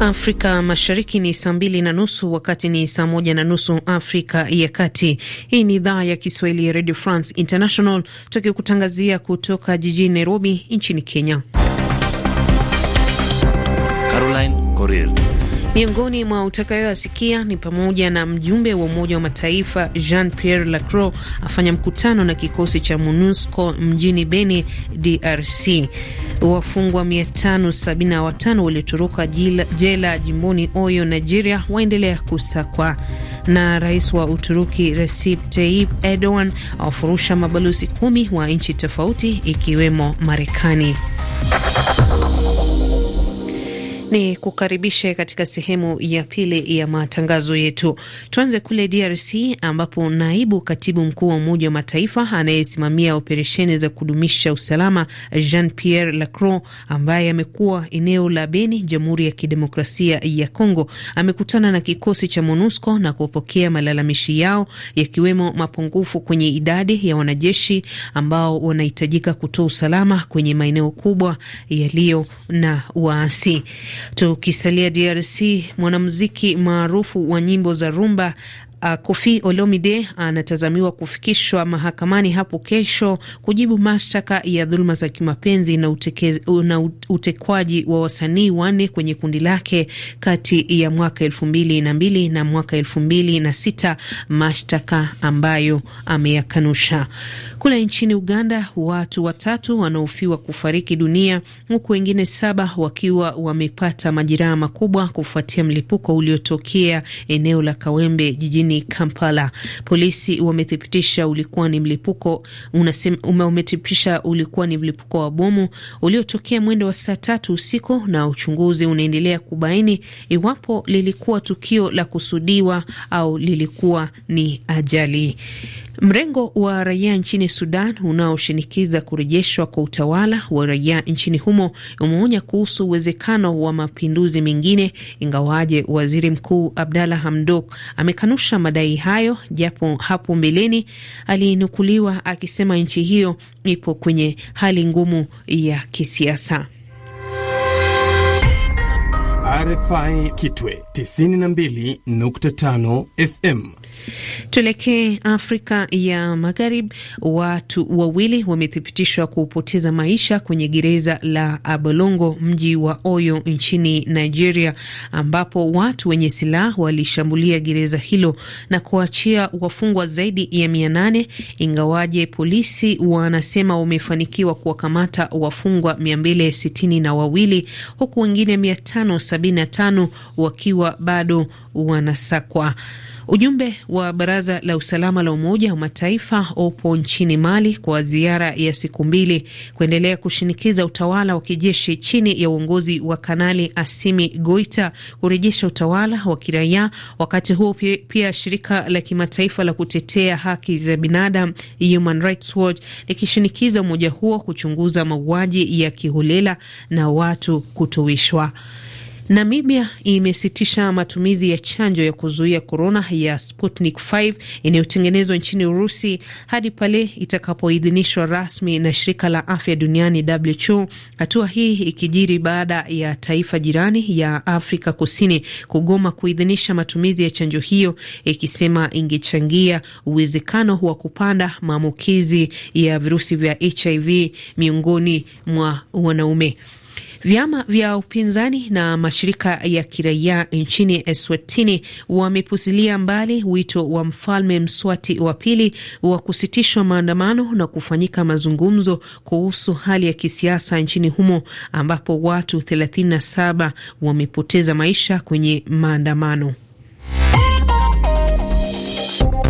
Afrika Mashariki ni saa mbili na nusu, wakati ni saa moja na nusu Afrika ya Kati. Hii ni idhaa ya Kiswahili ya Radio France International, tukikutangazia kutoka jijini Nairobi nchini Kenya. Caroline Coril Miongoni mwa utakayoasikia ni pamoja na mjumbe wa Umoja wa Mataifa Jean Pierre Lacroix afanya mkutano na kikosi cha MONUSCO mjini Beni, DRC. Wafungwa 575 waliotoroka jela jimboni Oyo, Nigeria, waendelea kusakwa. Na rais wa Uturuki Recep Tayyip Erdogan awafurusha mabalozi kumi wa nchi tofauti ikiwemo Marekani. Ni kukaribishe katika sehemu ya pili ya matangazo yetu. Tuanze kule DRC ambapo naibu katibu mkuu wa Umoja wa Mataifa anayesimamia operesheni za kudumisha usalama Jean Pierre Lacroix, ambaye amekuwa eneo la Beni, Jamhuri ya Kidemokrasia ya congo amekutana na kikosi cha MONUSCO na kupokea malalamishi yao yakiwemo mapungufu kwenye idadi ya wanajeshi ambao wanahitajika kutoa usalama kwenye maeneo kubwa yaliyo na waasi. Tukisalia DRC, mwanamuziki maarufu wa nyimbo za rumba Uh, Kofi Olomide anatazamiwa kufikishwa mahakamani hapo kesho kujibu mashtaka ya dhuluma za kimapenzi na, uteke, na utekwaji wa wasanii wanne kwenye kundi lake kati ya mwaka elfu mbili na mbili na mwaka elfu mbili na sita mashtaka ambayo ameyakanusha. Kule nchini Uganda, watu watatu wanaofiwa kufariki dunia huku wengine saba wakiwa wamepata majeraha makubwa kufuatia mlipuko uliotokea eneo la Kawembe jijini jijini Kampala. Polisi wamethibitisha ulikuwa ni mlipuko unasema, umethibitisha ulikuwa ni mlipuko wa bomu uliotokea mwendo wa saa tatu usiku, na uchunguzi unaendelea kubaini iwapo lilikuwa tukio la kusudiwa au lilikuwa ni ajali. Mrengo wa raia nchini Sudan unaoshinikiza kurejeshwa kwa utawala wa raia nchini humo umeonya kuhusu uwezekano wa mapinduzi mengine, ingawaje waziri mkuu Abdalla Hamdok amekanusha madai hayo, japo hapo mbeleni alinukuliwa akisema nchi hiyo ipo kwenye hali ngumu ya kisiasa. RFI Kitwe 92.5 FM. Tuelekee Afrika ya Magharibi. Watu wawili wamethibitishwa kupoteza maisha kwenye gereza la Abolongo, mji wa Oyo nchini Nigeria, ambapo watu wenye silaha walishambulia gereza hilo na kuachia wafungwa zaidi ya mia nane ingawaje polisi wanasema wamefanikiwa kuwakamata wafungwa mia mbili sitini na wawili huku wengine mia tano 75 wakiwa bado wanasakwa. Ujumbe wa Baraza la Usalama la Umoja wa Mataifa upo nchini Mali kwa ziara ya siku mbili kuendelea kushinikiza utawala wa kijeshi chini ya uongozi wa Kanali Asimi Goita kurejesha utawala wa kiraia. Wakati huo pia shirika la kimataifa la kutetea haki za binadamu Human Rights Watch likishinikiza umoja huo kuchunguza mauaji ya kiholela na watu kutowishwa. Namibia imesitisha matumizi ya chanjo ya kuzuia korona ya Sputnik 5 inayotengenezwa nchini Urusi hadi pale itakapoidhinishwa rasmi na shirika la afya duniani WHO, hatua hii ikijiri baada ya taifa jirani ya Afrika Kusini kugoma kuidhinisha matumizi ya chanjo hiyo, ikisema ingechangia uwezekano wa kupanda maambukizi ya virusi vya HIV miongoni mwa wanaume. Vyama vya upinzani na mashirika ya kiraia nchini Eswatini wamepuzilia mbali wito wa Mfalme Mswati wa pili wa kusitishwa maandamano na kufanyika mazungumzo kuhusu hali ya kisiasa nchini humo ambapo watu 37 wamepoteza maisha kwenye maandamano.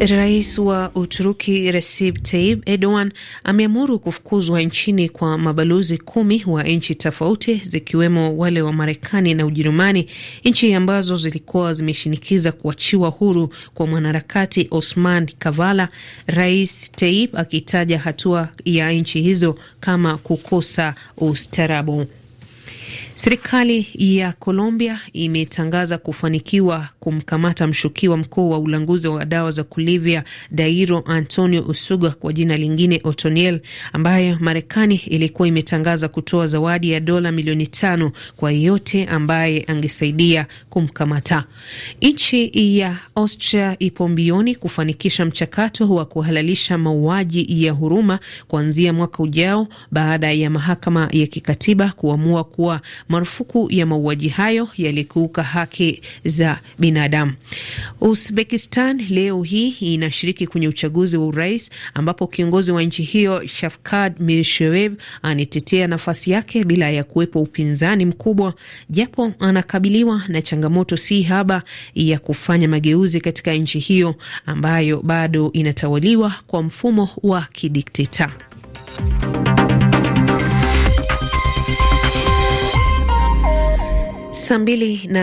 Rais wa Uturuki Recep Tayyip Erdogan ameamuru kufukuzwa nchini kwa mabalozi kumi wa nchi tofauti zikiwemo wale wa Marekani na Ujerumani, nchi ambazo zilikuwa zimeshinikiza kuachiwa huru kwa mwanaharakati Osman Kavala, Rais Tayyip akitaja hatua ya nchi hizo kama kukosa ustarabu. Serikali ya Colombia imetangaza kufanikiwa kumkamata mshukiwa mkuu wa ulanguzi wa dawa za kulevya Dairo Antonio Usuga, kwa jina lingine Otoniel, ambayo Marekani ilikuwa imetangaza kutoa zawadi ya dola milioni tano kwa yeyote ambaye angesaidia kumkamata. Nchi ya Austria ipo mbioni kufanikisha mchakato wa kuhalalisha mauaji ya huruma kuanzia mwaka ujao baada ya mahakama ya kikatiba kuamua kuwa marufuku ya mauaji hayo yalikiuka haki za binadamu. Uzbekistan leo hii inashiriki kwenye uchaguzi wa urais ambapo kiongozi wa nchi hiyo Shavkat Mirziyoyev anatetea nafasi yake bila ya kuwepo upinzani mkubwa, japo anakabiliwa na changamoto si haba ya kufanya mageuzi katika nchi hiyo ambayo bado inatawaliwa kwa mfumo wa kidikteta. Saa mbili na